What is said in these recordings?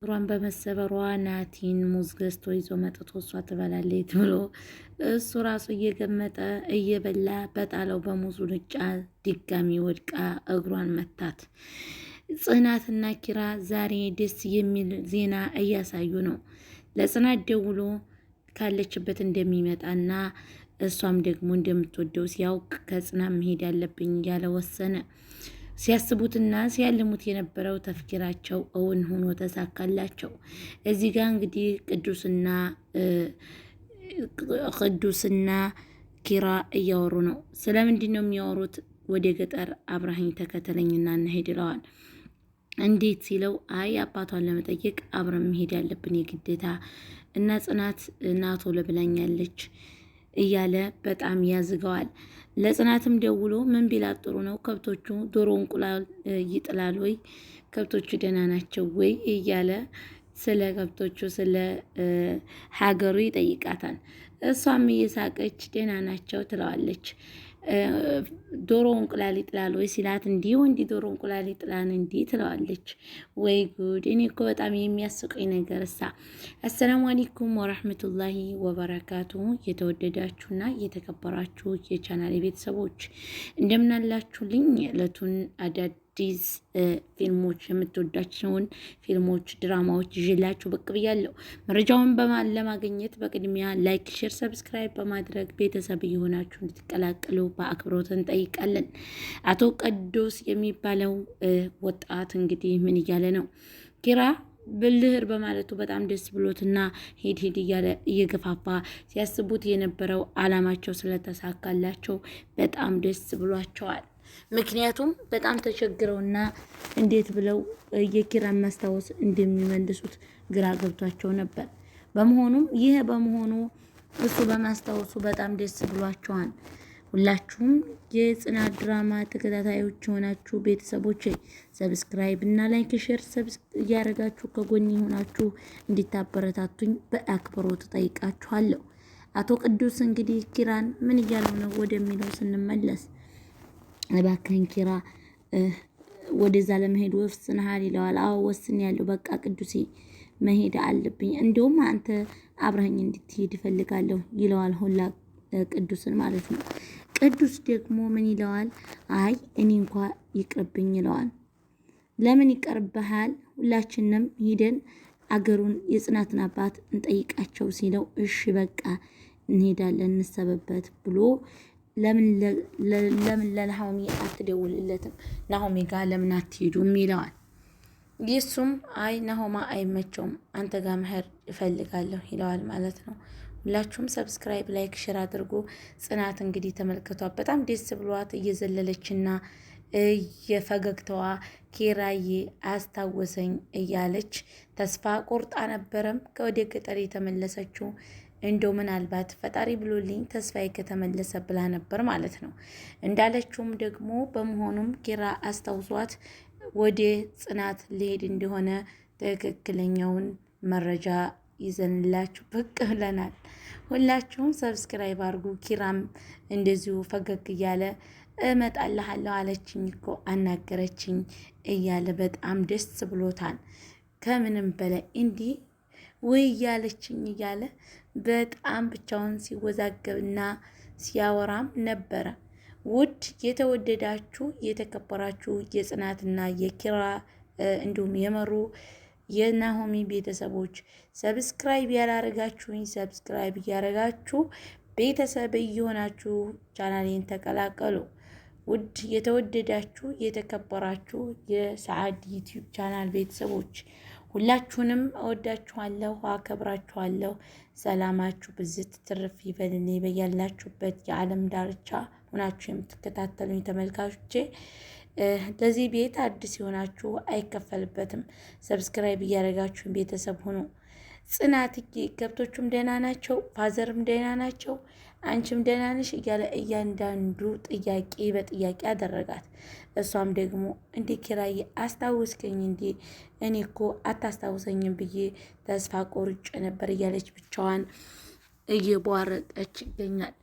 እግሯን በመሰበሯ ናቲን ሙዝ ገዝቶ ይዞ መጥቶ እሷ ትበላለች ብሎ እሱ ራሱ እየገመጠ እየበላ በጣለው በሙዙ ልጫ ድጋሚ ወድቃ እግሯን መታት። ጽናትና ኪራ ዛሬ ደስ የሚል ዜና እያሳዩ ነው። ለጽናት ደውሎ ካለችበት እንደሚመጣና እሷም ደግሞ እንደምትወደው ሲያውቅ ከጽናት መሄድ አለብኝ እያለ ወሰነ። ሲያስቡትና ሲያልሙት የነበረው ተፍኪራቸው እውን ሆኖ ተሳካላቸው። እዚህ ጋር እንግዲህ ቅዱስና ቅዱስና ኪራ እያወሩ ነው። ስለምንድን ነው የሚያወሩት? ወደ ገጠር አብርሃኝ ተከተለኝና እንሄድ ይለዋል። እንዴት ሲለው አይ አባቷን ለመጠየቅ አብረን መሄድ ያለብን የግዴታ እና ጽናት ናቶ ለብላኛለች እያለ በጣም ያዝገዋል። ለጽናትም ደውሎ ምን ቢላት ጥሩ ነው? ከብቶቹ ዶሮ እንቁላል ይጥላል ወይ? ከብቶቹ ደህና ናቸው ወይ? እያለ ስለ ከብቶቹ ስለ ሀገሩ ይጠይቃታል። እሷም እየሳቀች ደህና ናቸው ትለዋለች። ዶሮ እንቁላል ይጥላል ወይ ሲላት፣ እንዲህ ወንድ ዶሮ እንቁላል ይጥላል እንዲህ ትለዋለች። ወይ ጉድ! እኔ እኮ በጣም የሚያስቀኝ ነገር እሳ። አሰላሙ አሌይኩም ወራህመቱላሂ ወበረካቱ። የተወደዳችሁና የተከበራችሁ የቻናል ቤተሰቦች እንደምናላችሁልኝ እለቱን አዳድ አዳዲስ ፊልሞች የምትወዳቸውን ፊልሞች፣ ድራማዎች ይዤላችሁ ብቅ ብያለሁ። መረጃውን ለማግኘት በቅድሚያ ላይክ፣ ሼር፣ ሰብስክራይብ በማድረግ ቤተሰብ እየሆናችሁ እንድትቀላቀሉ በአክብሮት እንጠይቃለን። አቶ ቅዱስ የሚባለው ወጣት እንግዲህ ምን እያለ ነው? ኪራ ብልህር በማለቱ በጣም ደስ ብሎትና ሄድ ሄድ እያለ እየገፋፋ ሲያስቡት የነበረው አላማቸው ስለተሳካላቸው በጣም ደስ ብሏቸዋል። ምክንያቱም በጣም ተቸግረውና እንዴት ብለው የኪራን ማስታወስ እንደሚመልሱት ግራ ገብቷቸው ነበር። በመሆኑም ይህ በመሆኑ እሱ በማስታወሱ በጣም ደስ ብሏቸዋል። ሁላችሁም የጽናት ድራማ ተከታታዮች የሆናችሁ ቤተሰቦች ሰብስክራይብ እና ላይክ፣ ሼር እያደረጋችሁ ከጎን የሆናችሁ እንዲታበረታቱኝ በአክብሮት ጠይቃችኋለሁ። አቶ ቅዱስ እንግዲህ ኪራን ምን እያለው ነው ወደሚለው ስንመለስ እባክህን ኪራ ወደዛ ለመሄድ ወስነሃል ይለዋል። አዎ ያለው በቃ ቅዱሴ መሄድ አለብኝ፣ እንደውም አንተ አብረኸኝ እንድትሄድ እፈልጋለሁ ይለዋል። ሁላ ቅዱስን ማለት ነው። ቅዱስ ደግሞ ምን ይለዋል? አይ እኔ እንኳ ይቅርብኝ ይለዋል። ለምን ይቀርብሃል? ሁላችንም ሂደን አገሩን የጽናትን አባት እንጠይቃቸው ሲለው፣ እሺ በቃ እንሄዳለን እንሰበበት ብሎ ለምን ለናሆሚ አትደውልለትም? ናሆሚ ጋር ለምን አትሄዱም ይለዋል። የሱም አይ ናሆማ አይመቸውም፣ አንተ ጋር መሄድ እፈልጋለሁ ይለዋል ማለት ነው። ሁላችሁም ሰብስክራይብ፣ ላይክ፣ ሽር አድርጎ ጽናት እንግዲህ ተመልክቷል። በጣም ደስ ብሏት እየዘለለችና እየፈገግተዋ ኬራዬ አስታወሰኝ እያለች ተስፋ ቆርጣ ነበረም ከወደ ገጠር የተመለሰችው እንደው ምናልባት ፈጣሪ ብሎልኝ ተስፋዬ ከተመለሰ ብላ ነበር ማለት ነው። እንዳለችውም ደግሞ በመሆኑም ኪራ አስታውሷት ወደ ጽናት ሊሄድ እንደሆነ ትክክለኛውን መረጃ ይዘንላችሁ ብቅ ብለናል። ሁላችሁም ሰብስክራይብ አድርጉ። ኪራም እንደዚሁ ፈገግ እያለ እመጣልሃለሁ አለችኝ እኮ አናገረችኝ እያለ በጣም ደስ ብሎታል። ከምንም በላይ እንዲህ ውይ እያለችኝ እያለ በጣም ብቻውን ሲወዛገብና ሲያወራም ነበረ። ውድ የተወደዳችሁ የተከበራችሁ የጽናትና የኪራ እንዲሁም የመሩ የናሆሚ ቤተሰቦች ሰብስክራይብ ያላረጋችሁኝ ሰብስክራይብ እያረጋችሁ ቤተሰብ እየሆናችሁ ቻናሌን ተቀላቀሉ። ውድ የተወደዳችሁ የተከበራችሁ የሰዓድ ዩቲዩብ ቻናል ቤተሰቦች ሁላችሁንም እወዳችኋለሁ፣ አከብራችኋለሁ። ሰላማችሁ ብዝት ትርፍ ይበልን። በያላችሁበት የዓለም ዳርቻ ሆናችሁ የምትከታተሉኝ ተመልካቾቼ ለዚህ ቤት አዲስ የሆናችሁ አይከፈልበትም፣ ሰብስክራይብ እያደረጋችሁን ቤተሰብ ሁኑ። ጽናት ከብቶቹም ደህና ናቸው፣ ፋዘርም ደህና ናቸው። አንቺም ደህና ነሽ እያለ እያንዳንዱ ጥያቄ በጥያቄ አደረጋት። እሷም ደግሞ እንዴ ኪራዬ አስታውስከኝ እንዴ እኔ እኮ አታስታውሰኝም ብዬ ተስፋ ቆርጬ ነበር እያለች ብቻዋን እየቧረቀች ይገኛል።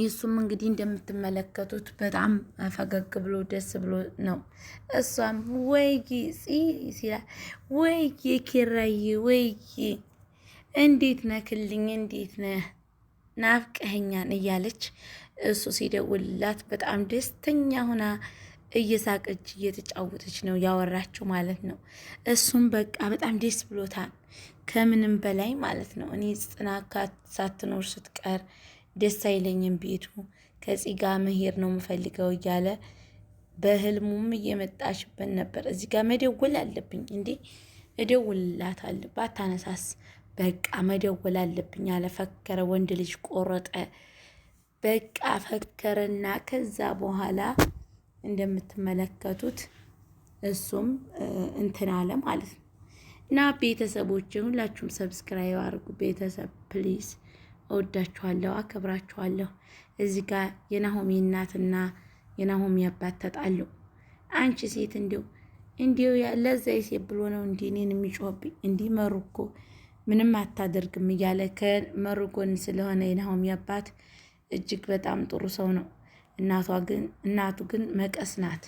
ይሱም እንግዲህ እንደምትመለከቱት በጣም ፈገግ ብሎ ደስ ብሎ ነው። እሷም ወይ ሲላ ወይ ኪራዬ ወይ እንዴት ነክልኝ እንዴት ነህ ናፍቀኸኛን እያለች እሱ ሲደውልላት በጣም ደስተኛ ሆና እየሳቀች እየተጫወተች ነው ያወራችው ማለት ነው። እሱም በቃ በጣም ደስ ብሎታል ከምንም በላይ ማለት ነው። እኔ ጽናካ ሳትኖር ስትቀር ደስ አይለኝም ቤቱ ከዚህ ጋር መሄድ ነው የምፈልገው እያለ በህልሙም እየመጣችበት ነበር። እዚህ ጋር መደወል አለብኝ እንዴ እደውልላታለሁ ባታነሳስ በቃ መደወል አለብኝ አለፈከረ ፈከረ። ወንድ ልጅ ቆረጠ። በቃ ፈከረና ከዛ በኋላ እንደምትመለከቱት እሱም እንትን አለ ማለት ነው። እና ቤተሰቦች ሁላችሁም ሰብስክራይብ አድርጉ። ቤተሰብ ፕሊዝ፣ እወዳችኋለሁ፣ አከብራችኋለሁ። እዚህ ጋር የናሆሚ እናትና የናሆሚ አባት ተጣሉ። አንቺ ሴት እንዲሁ እንዲሁ ለዛ ሴት ብሎ ነው እንዲህ እኔን የሚጮህብኝ እንዲህ መሩ እኮ ምንም አታደርግም እያለ ከመሩ ጎን ስለሆነ የናሆሚ አባት እጅግ በጣም ጥሩ ሰው ነው። እናቷ ግን እናቱ ግን መቀስ ናት።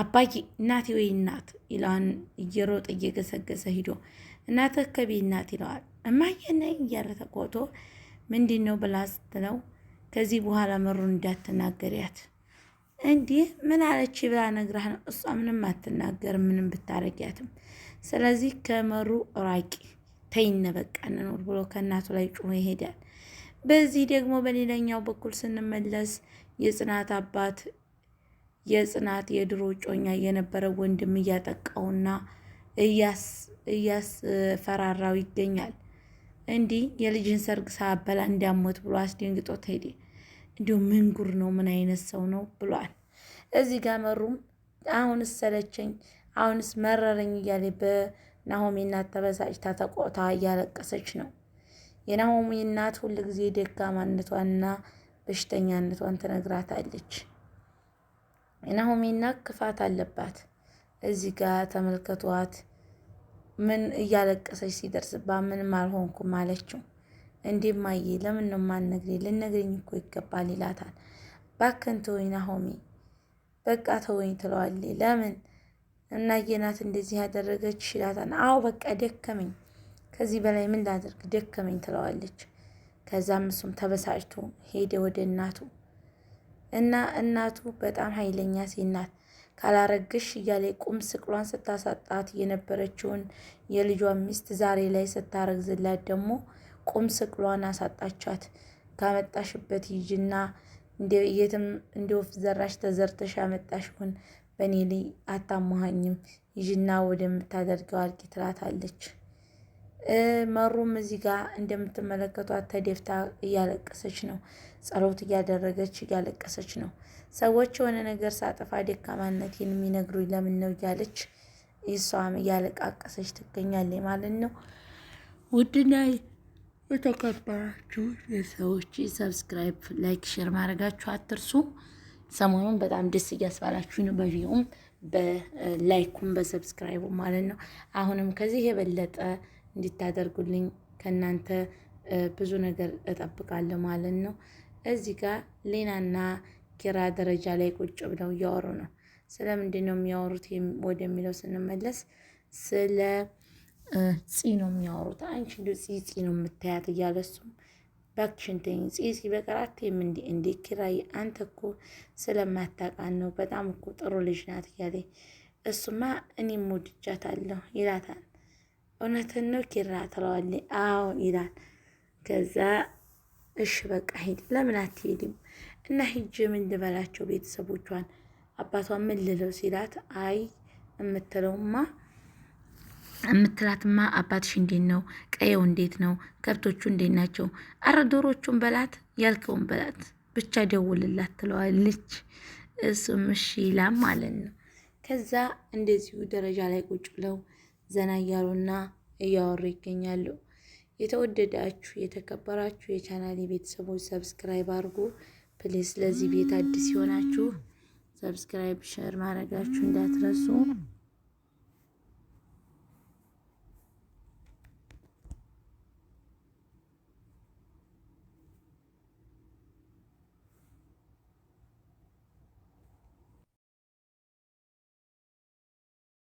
አባዬ እናቴ ወይ እናት ይለዋን እየሮጠ እየገሰገሰ ሂዶ እናተ ከቢ እናት ይለዋል። እማየነ እያለ ተቆጦ ምንድን ነው ብላ ስትለው ከዚህ በኋላ መሩን እንዳትናገሪያት እንዲህ ምን አለች ብላ ነግራህ ነው። እሷ ምንም አትናገርም ምንም ብታረጊያትም። ስለዚህ ከመሩ ራቂ ተይነ በቃ እንኖር ብሎ ከእናቱ ላይ ጩሆ ይሄዳል። በዚህ ደግሞ በሌላኛው በኩል ስንመለስ የጽናት አባት የጽናት የድሮ ጮኛ የነበረ ወንድም እያጠቃውና እያስፈራራው ይገኛል። እንዲህ የልጅን ሰርግ ሳበላ እንዲያሞት ብሎ አስደንግጦ ሄደ። እንዲሁ ምን ጉር ነው? ምን አይነት ሰው ነው ብሏል። እዚህ ጋር መሩም አሁንስ ሰለቸኝ፣ አሁንስ መረረኝ እያለ ናሆሚ እናት ተበሳጭታ ተቆታ እያለቀሰች ነው። የናሆሚ እናት ሁልጊዜ ደካማነቷንና በሽተኛነቷን ትነግራታለች። የናሆሚ እናት ክፋት አለባት። እዚህ ጋር ተመልከቷት፣ ምን እያለቀሰች ሲደርስባት ምንም አልሆንኩም አለችው። እንዲህ ማየ ለምን ነው የማትነግሪኝ? ልነግሪኝ እኮ ይገባል ይላታል። ባክን ተወኝ ናሆሚ፣ በቃ ተወኝ ትለዋለች። ለምን እና የናት እንደዚህ ያደረገች ይላታል። አዎ በቃ ደከመኝ፣ ከዚህ በላይ ምን ላደርግ ደከመኝ ትለዋለች። ከዛም እሱም ተበሳጭቶ ሄደ ወደ እናቱ እና እናቱ በጣም ኃይለኛ ሴት ናት። ካላረግሽ እያለ ቁም ስቅሏን ስታሳጣት የነበረችውን የልጇን ሚስት ዛሬ ላይ ስታረግዝላት ደግሞ ቁም ስቅሏን አሳጣቻት። ካመጣሽበት ይጅና የትም እንደ ወፍ ዘራሽ ተዘርተሽ ያመጣሽውን በእኔ ላይ አታማሃኝም ይዥና ወደምታደርገው አልቂ ትላታለች። መሩም እዚህ ጋር እንደምትመለከቷት ተደፍታ እያለቀሰች ነው። ጸሎት እያደረገች እያለቀሰች ነው። ሰዎች የሆነ ነገር ሳጠፋ ደካማነቴን የሚነግሩኝ ለምን ነው እያለች እሷም እያለቃቀሰች ትገኛለች ማለት ነው። ውድና የተከበራችሁ የሰዎች ሰብስክራይብ፣ ላይክ፣ ሼር ማድረጋችሁ አትርሱ። ሰሞኑን በጣም ደስ እያስባላችሁ ነው። በቪውም በላይኩም በሰብስክራይቡ ማለት ነው። አሁንም ከዚህ የበለጠ እንዲታደርጉልኝ ከእናንተ ብዙ ነገር እጠብቃለሁ ማለት ነው። እዚህ ጋር ሌናና ኪራ ደረጃ ላይ ቁጭ ብለው እያወሩ ነው። ስለምንድን ነው የሚያወሩት ወደሚለው ስንመለስ ስለ ጺ ነው የሚያወሩት። አንቺ ጺ ጺ ነው የምታያት እያለ እባክሽን ተይኝ ጽይ ሲበቀር አትይም እንዴ እንዴ ኪራይ አንተ እኮ ስለማታውቃት ነው በጣም እኮ ጥሩ ልጅ ናት እያለ እሱማ እኔም ወድጃታለሁ ይላታል እውነትን ነው ኪራ ትለዋለች አዎ ይላል ከዛ እሽ በቃ ሂድ ለምን አትሄድም እና ሂጅ ምን ልበላቸው ቤተሰቦቿን አባቷን ምን ልለው ሲላት አይ የምትለውማ የምትላትማ አባትሽ እንዴት ነው? ቀየው እንዴት ነው? ከብቶቹ እንዴት ናቸው? አረ ዶሮቹን በላት ያልከውን በላት ብቻ ደውልላት ትለዋለች። እሱም እሺ ይላል ማለት ነው። ከዛ እንደዚሁ ደረጃ ላይ ቁጭ ብለው ዘና እያሉና እያወሩ ይገኛሉ። የተወደዳችሁ የተከበራችሁ የቻናል ቤተሰቦች ሰብስክራይብ አድርጉ ፕሌስ። ለዚህ ቤት አዲስ የሆናችሁ ሰብስክራይብ፣ ሸር ማድረጋችሁ እንዳትረሱ።